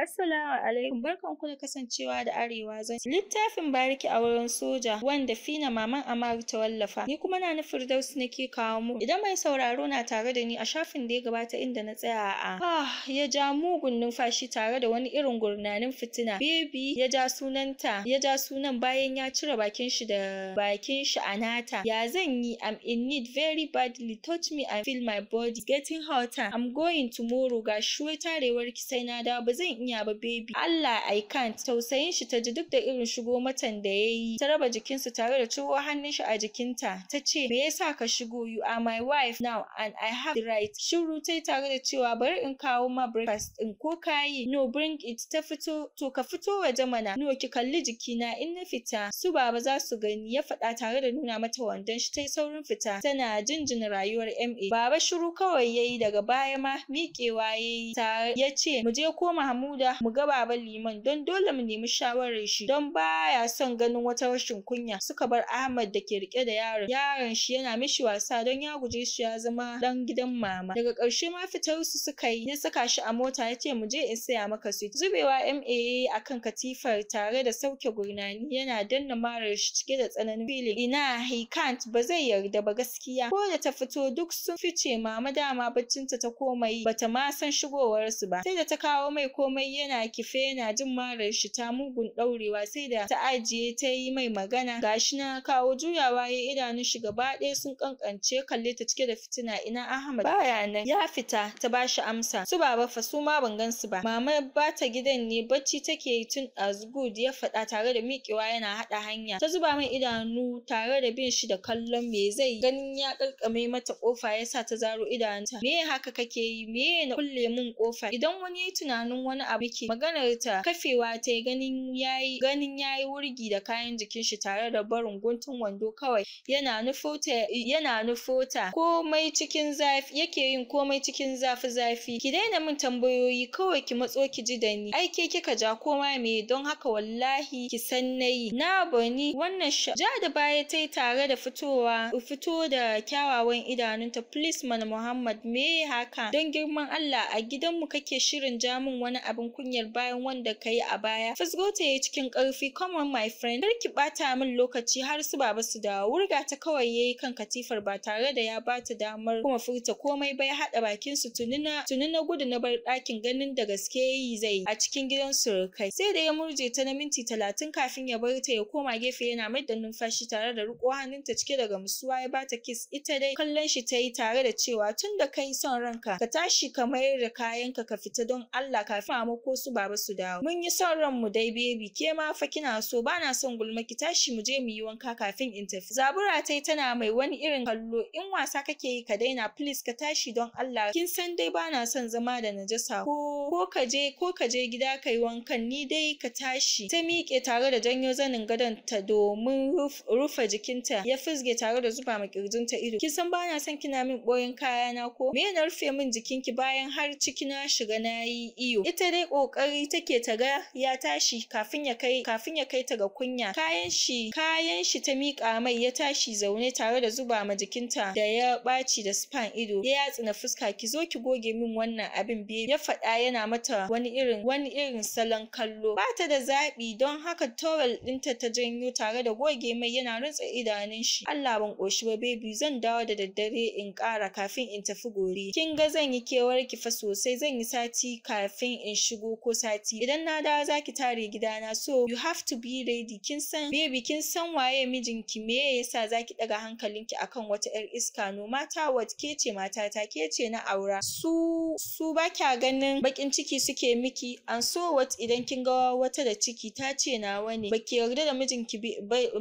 Assalamu alaikum barkan ku da kasancewa da Arewa zan littafin bariki a wurin soja wanda Fina maman Amaru ta wallafa ni kuma na na Firdausi nake kawo mu idan mai sauraro na tare da ni a shafin da ya gabata inda na tsaya a ah ya ja mugun numfashi tare da wani irin gurnanin fitina baby ya ja sunanta ya ja sunan bayan ya cire bakin shi da bakin shi a nata ya zan yi I'm in need very badly touch me and feel my body getting hotter I'm going tomorrow ga wai tarewar ki sai na dawo bazan iya kunya ba baby Allah I can't tausayin shi ta ji duk da irin shigo matan da yayi ta raba jikinsu tare da ciwo hannun shi a jikinta ta ce me yasa ka shigo you are my wife now and I have the right shiru tai tare da cewa bari in kawo ma breakfast In ko kayi no bring it ta fito to ka fito waje mana no ki kalli jikina in na fita su baba za su gani ya faɗa tare da nuna mata wandon shi tai saurin fita tana jinjina rayuwar MA baba shiru kawai yayi daga baya ma miƙewa yayi ta yace mu je ko Mahmud da mu ga Baba Liman don dole mu nemi shawarar shi don baya son ganin wata rashin kunya. Suka bar Ahmad da ke rike da yaron. Yaron shi yana mishi wasa don ya guje shi ya zama dan gidan mama. Daga karshe ma fitar su suka yi ya saka shi a mota ya ce mu je in saya maka sweet. Zubewa MA a kan katifar tare da sauke gurnani yana danna marar shi cike da tsananin filin. Ina he can't ba zai yarda ba gaskiya. Ko da ta fito duk sun fice mama dama baccinta ta koma yi bata ma san shigowarsu ba. Sai da ta kawo mai komai komai yana kife yana jin marar shi ta mugun ɗaurewa sai da ta ajiye ta yi mai magana gashi na kawo juyawa ya idanu shi gaba ɗaya sun kankance kalle ta cike da fitina ina Ahmad baya nan ya fita ta ba shi amsa su baba fa su ma ban gan su ba mama ba ta gidan ne bacci take yi tun azgud ya faɗa tare da miƙewa yana haɗa hanya ta zuba mai idanu tare da bin shi da kallon me zai ganin ya karkame mata kofa yasa ta zaro idanunta me haka kake yi me na kulle mun kofa idan wani yayi tunanin wani abu muke maganar ta kafewa ta ganin yayi ganin yayi wurgi da kayan jikin shi tare da barin guntun wando kawai yana nufo ta yana nufo komai cikin zafi yake yin komai cikin zafi zafi ki daina min tambayoyi kawai ki matso ki ji da ni ai ke kika ja koma me don haka wallahi ki san nayi na bani wannan sha ja da baya tai tare da fitowa fito da kyawawan idanunta please mana Muhammad me haka don girman Allah a gidanmu kake shirin ja min wani abin kunyar bayan wanda ka yi a baya fusgota ya cikin ƙarfi "common my friend kar ki ɓata min lokaci har su baba su dawo wurga ta kawai ya yi kan katifar ba tare da ya bata damar kuma furta komai bai haɗa bakin su tunina tunina gudu na bar ɗakin ganin da gaske ya yi zai yi a cikin gidan surukai sai da ya murje ta na minti talatin kafin ya bar ta ya koma gefe yana mai da numfashi tare da riƙo hannunta cike da musuwa ya bata kiss ita dai kallon shi ta yi tare da cewa tun da kai son ranka ka tashi ka mayar da kayanka ka fita don Allah kafin a mu ko su baba su dawo mun yi son ran mu dai baby ke ma fa kina so ba na son gulma ki tashi mu je mu yi wanka kafin in tafi zabura tai tana mai wani irin kallo in wasa kake yi ka daina please ka tashi don Allah kin san dai ba na son zama da najasa ko ko ka je ko ka je gida kai wankan ni dai ka tashi ta miƙe tare da janyo zanin gadon ta domin rufe jikinta ya fizge tare da zuba ma ta ido kin san ba na son kina min boyin kayana ko me na rufe min jikinki bayan har ciki na shiga nayi iyo ita dai yi ƙoƙari take ta ga ya tashi kafin ya kai kafin ya kai ta ga kunya kayan shi kayan shi ta mika mai ya tashi zaune tare da zuba ma jikinta da ya ɓaci da span ido ya na fuska ki zo ki goge min wannan abin biye ya faɗa yana mata wani irin wani irin salon kallo ba ta da zaɓi don haka towel ɗinta ta janyo tare da goge mai yana rintsa idanun shi Allah ban ƙoshi ba baby zan dawo da daddare in ƙara kafin in tafi gori kin ga zan yi kewar ki fa sosai zan yi sati kafin in shigo ko sati idan na dawo zaki tare gidana so you have to be ready kin san baby kin san waye mijinki me yasa zaki daga hankalinki akan wata yar iska no mata what ke ce matata ke ce na aura su su ba kya ganin bakin ciki suke miki an so what idan kin ga wata da ciki ta ce nawa ne baki yarda da mijinki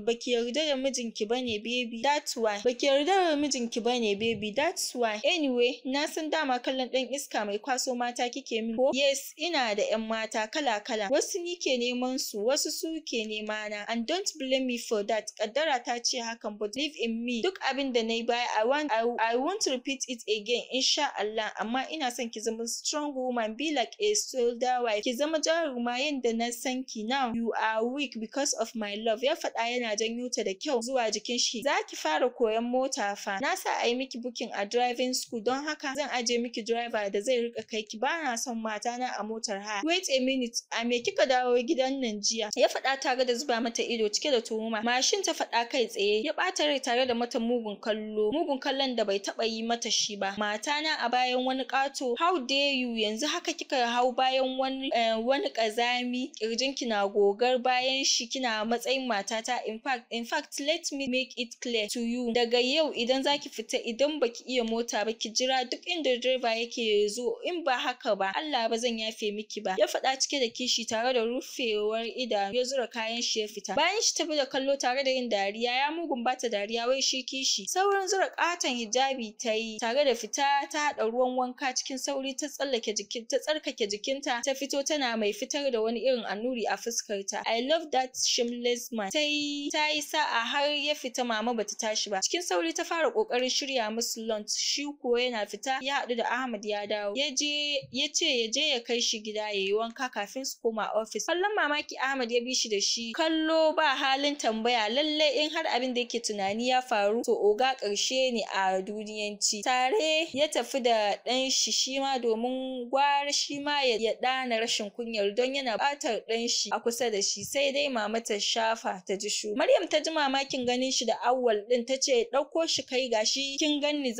baki yarda da mijinki bane baby that's why baki yarda da mijinki bane baby that's why anyway na san dama kallon dan iska mai kwaso mata kike min yes ina muna da ƴan mata kala-kala wasu ni ke neman su wasu su ke nema na and don't blame me for that kaddara ta ce hakan but live in me duk abin da nayi baya I want I, I to repeat it again insha Allah amma ina son ki zama strong woman be like a soldier wife ki zama jaruma yadda na san ki now you are weak because of my love ya faɗa yana janyo ta da kyau zuwa jikin shi za ki fara koyon mota fa na sa a yi miki booking a driving school don haka zan ajiye miki driver da zai riƙa kai ki ba na son mata na a mota motar ha wait a minute a me kika dawo gidan nan jiya ya faɗa tare da zuba mata ido cike da tuhuma mashin ta faɗa kai tsaye ya ɓata rai tare da mata mugun kallo mugun kallon da bai taɓa yi mata shi ba mata na a bayan wani ƙato how dare you yanzu haka kika hau bayan wani eh, wani ƙazami ƙirjinki na gogar bayan shi kina matsayin matata in fact in fact let me make it clear to you daga yau idan zaki fita idan baki iya mota ba ki jira duk inda direba yake zo in ba haka ba Allah ba zan yafe miki ba ya faɗa cike da kishi tare da rufewar idanu ya zura kayan shi ya fita bayan shi tafi da kallo tare da yin dariya ya mugun bata dariya wai shi kishi Sauran zura katon hijabi ta yi tare da fita ta haɗa ruwan wanka cikin sauri ta tsallake jikin ta tsarkake jikinta ta fito tana mai fitar da wani irin annuri a fuskarta I love that shameless man ta yi ta yi sa'a har ya fita mama bata tashi ba cikin sauri ta fara kokarin shirya musu lunch shi kuwa yana fita ya haɗu da Ahmad ya dawo ya je ya ce ya je ya kai shi gida. gida ya yi wanka kafin su koma ofis. Kallon mamaki Ahmad ya bi shi da shi kallo ba halin tambaya lalle in har abin da yake tunani ya faru to oga ƙarshe ne a duniyanci. Tare ya tafi da ɗan shi shi ma domin gwara shi ma ya ɗana rashin kunyar don yana ɓatar ɗan shi a kusa da shi sai dai mama ta shafa ta ji shu. Maryam ta ji mamakin ganin shi da awwal ɗin ta ce ɗauko shi kai gashi kin ganni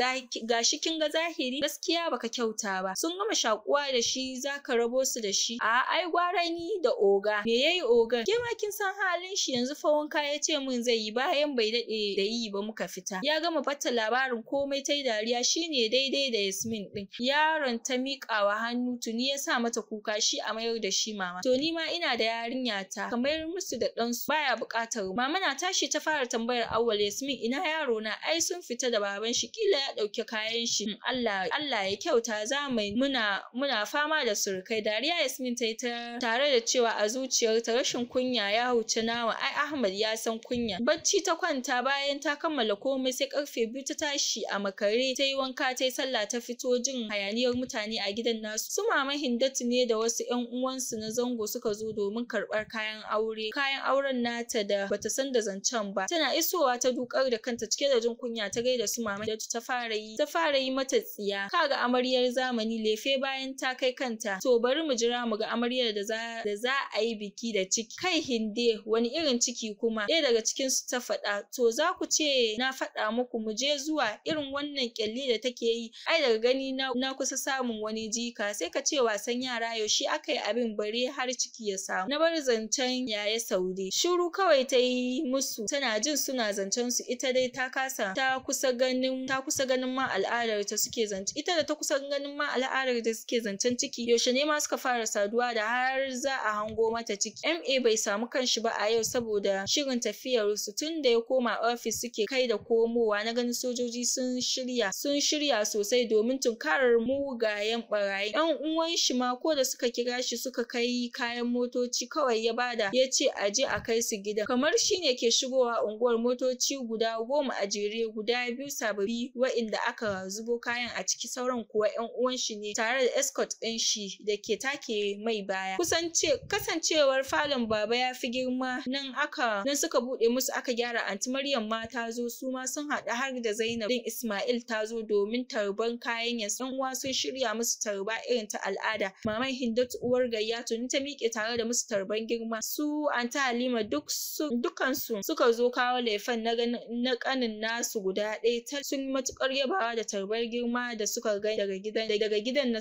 gashi kin ga zahiri gaskiya baka kyauta ba. Sun gama shakuwa da shi zaka rabo Wasu su da shi a ai gwara ni da oga me yayi ogan ke ma kin san halin shi yanzu fa wanka ya ce min zai yi bayan bai dade da yi ba muka fita ya gama fata labarin komai tai dariya shine daidai da Yasmin din yaron ta miƙawa hannu tuni ya sa mata kuka shi a mayar da shi mama to ni ma ina da yarinya ta kamar musu da ɗansu baya buƙatar mama na tashi ta fara tambayar Auwal Yasmin ina yaro na ai sun fita da baban shi kila ya ɗauki kayan shi Allah Allah ya kyauta zamani muna muna fama da surukai kai dariya Yasmin ta yi ta tare da cewa a zuciyarta rashin kunya ya huce nawa ai Ahmad ya san kunya bacci ta kwanta bayan ta kammala komai sai karfe biyu ta tashi a makare ta yi wanka ta yi sallah ta fito jin hayaniyar mutane a gidan nasu su mama Hindatu ne da wasu 'yan uwansu na zango suka zo domin karɓar kayan aure kayan auren nata da bata san da zancen ba tana isowa ta dukar da kanta cike da jin kunya ta gaida su mama Hindatu ta fara yi ta fara yi mata tsiya kaga amaryar zamani lefe bayan ta kai kanta to bari mu jira mu ga amaryar da za da za a yi biki da ciki kai hinde wani irin ciki kuma ɗaya daga cikin su ta faɗa to za ku ce na faɗa muku mu je zuwa irin wannan kyalli da take yi ai daga gani na na kusa samun wani jika sai ka ce wasan yara yaushe aka yi abin bare har ciki ya samu na bar zancen yaya saudi shiru kawai ta yi musu tana jin suna zancen su ita dai ta kasa ta kusa ganin ta kusa ganin ma al'adar ta suke zance ita da ta kusa ganin ma al'adar da suke zancen ciki yaushe ne ma suka fara saduwa da har za a hango mata ciki MA bai samu kanshi ba a yau saboda shirin tafiyar su tun da ya koma ofis suke kai da komowa na ganin sojoji sun shirya sun shirya sosai domin tunkarar mugayen barayi yan uwan shi ma ko da suka kira shi suka kai kayan motoci kawai ya bada ya ce a je a kai su gida kamar shine ke shigowa unguwar motoci guda goma a jere guda biyu sababbi wa'inda aka zubo kayan a ciki sauran kuwa yan uwan shi ne tare da escort ɗin shi da ke ke take mai baya kusance kasancewar falon baba ya fi girma nan aka nan suka bude musu aka gyara anti Maryam ma ta zo su ma sun haɗu har da Zainab din Ismail ta zo domin tarban kayan ya san uwa sun shirya musu tarba irin ta al'ada maman Hindatu uwar gayya tuni ta miƙe tare da musu tarban girma su anti Halima duk su dukan su suka zo kawo laifan na na kanin nasu guda ɗaya ta sun matukar yabawa da tarbar girma da suka ga daga gidan daga gidan na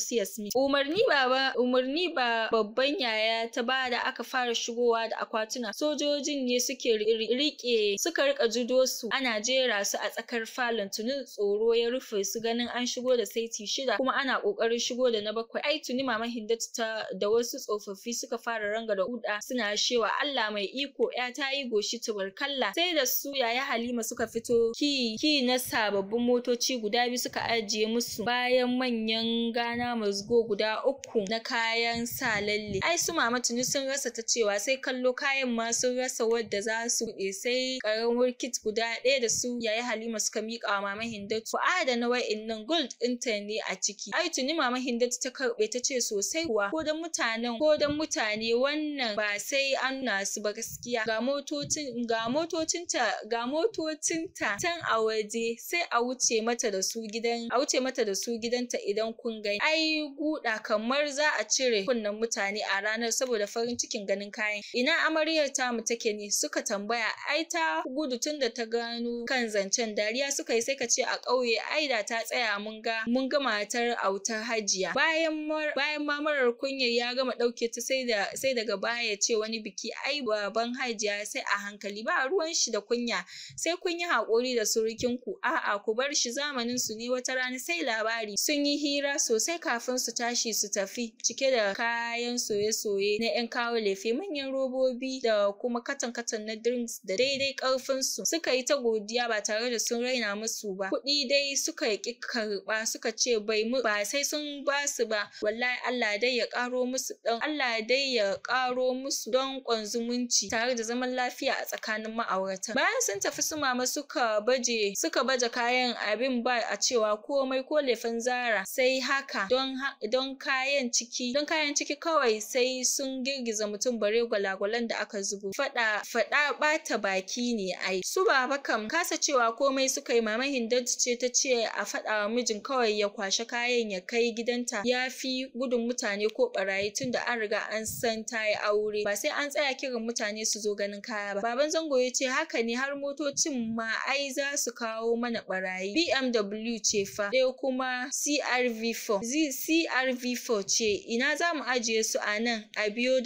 umarni baba umarni ba babban yaya ta ba da aka fara shigowa da akwatuna sojojin ne suke rike suka rika judo su ana jera su a tsakar falon tuni tsoro ya rufe su ganin an shigo da saiti shida kuma ana kokarin shigo da na bakwai ai tuni mama hindatu ta da wasu tsofaffi suka fara ranga da huda suna shewa Allah mai iko ya ta yi goshi tubarkalla sai da su yaya Halima suka fito ki ki na sababbin motoci guda biyu suka ajiye musu bayan manyan gana mazgo guda uku na kayan sa lalle ai su mama tuni sun rasa ta cewa sai kallo kayan ma sun rasa wadda za su buɗe sai karamar kit guda ɗaya da su yayi halima suka miƙa wa mama hindatu ku adana wa'innan gold ɗinta ne a ciki ai tuni mama hindatu ta karɓe ta ce sosai kuwa ko dan mutanen ko dan mutane wannan ba sai an na ba gaskiya ga motocin ga motocinta ga motocinta can a waje sai a wuce mata da su gidan a wuce mata da su gidanta idan kun gani ai guda kamar za a cire kunnen mutane a ranar saboda farin cikin ganin kayan ina amaryar tamu take ne suka tambaya ai ta gudu tunda ta gano kan zancen dariya suka yi sai ka ce a ƙauye ai da ta tsaya mun ga mun ga matar autar hajiya bayan bayan ma marar kunyar ya gama ɗauke ta sai da sai daga baya ya ce wani biki ai baban hajiya sai a hankali ba ruwan shi da kunya sai kun yi haƙuri da surukin ku a'a ku bar shi zamanin su ne wata rana sai labari sun yi hira sosai kafin su tashi su tafi cike da kayan soye-soye na 'yan kawo lefe manyan robobi da kuma katan-katan na drinks da daidai su suka yi ta godiya ba tare da sun raina musu ba kuɗi dai suka ƙi karɓa suka ce bai mu ba sai sun ba su ba wallahi Allah dai ya ƙaro musu ɗan Allah dai ya ƙaro musu don zumunci tare da zaman lafiya a tsakanin ma'aurata. bayan sun tafi su mama suka baje suka baje kayan abin ba a cewa komai ko lefen zara sai haka don don kayan ciki ciki don kayan ciki kawai sai sun girgiza mutum bare gwalagwalan da aka zubo faɗa fada bata baki ne ai su baba kam kasa cewa komai suka yi mama hindatu ce ta ce a faɗawa wa mijin kawai ya kwashe kayan ya kai gidanta ya fi gudun mutane ko tun tunda an riga an san ta yi aure ba sai an tsaya kiran mutane su zo ganin kaya ba baban zango ya ce haka ne har motocin ma ai za su kawo mana ɓarayi BMW ce fa ɗaya e kuma CRV4 CRV4 ce ina za mu ajiye su a nan a biyo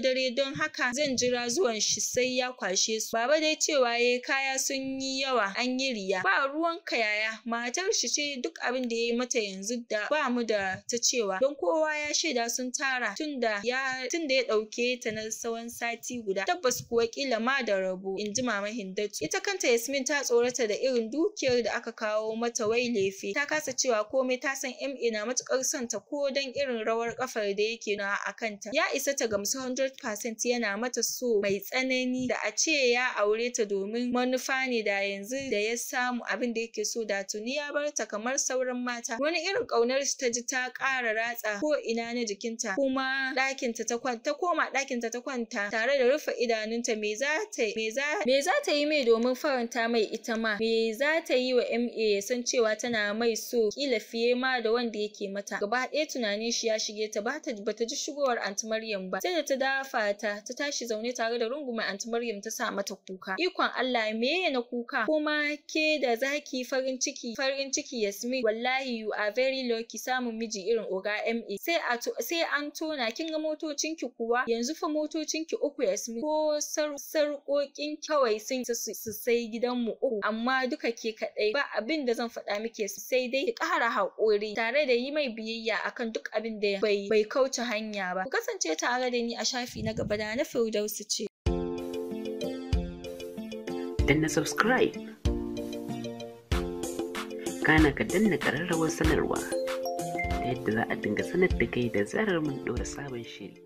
dare don haka zan jira zuwan shi sai ya kwashe su. Baba dai cewa yi kaya sun yi yawa an yi riya. Ba ruwan ka yaya matar shi ce duk abin da yi mata yanzu da ba mu da ta cewa don kowa ya shaida sun tara tunda ya ya ɗauke ta na tsawon sati guda. Tabbas kuwa kila ma da rabo in ji mama Hindatu. Ita kanta Yasmin ta tsorata da irin dukiyar da aka kawo mata wai lefe. Ta kasa cewa komai ta san MA na matukar son ta ko don irin rawar ƙafar da yake na a kanta ya isa ta gamsu 100% yana mata so mai tsanani da a ce ya aure ta domin manufa ne da yanzu da ya samu abin da yake so da tuni ya bar ta kamar sauran mata wani irin ƙaunar ta ji ta ƙara ratsa ko ina na jikinta kuma ɗakinta ta kwanta koma ɗakinta ta kwanta tare da rufe idanunta me za ta me za me za ta yi mai domin faranta mai ita ma me za ta yi wa MA ya san cewa tana mai so kila fiye ma da wanda yake mata gaba ɗaya tunanin shi ya shige ta ba bata ji shigowar Aunt Maryam ba sai da ta dafa ta ta tashi zaune tare da runguma Aunt Maryam ta sa mata kuka ikon Allah meye na kuka kuma ke da zaki farin ciki farin ciki Yasmin wallahi you are very lucky samun miji irin Oga MA sai a sai an tona kin ga motocin ki kuwa yanzu fa motocin ki uku Yasmin ko sarƙoƙin kawai sun su sai gidanmu uku amma duka ke kaɗai ba abin da zan faɗa miki sai dai ki ƙara haƙuri tare da yi mai biyayya akan duk abin yadda bai kauce hanya ba ku kasance tare da ni a shafi na gaba da na Firdausu ce danna subscribe kana ka danna ƙararrawar sanarwa ta yadda za a dinga sanar da kai da zarar mun ɗora sabon shiri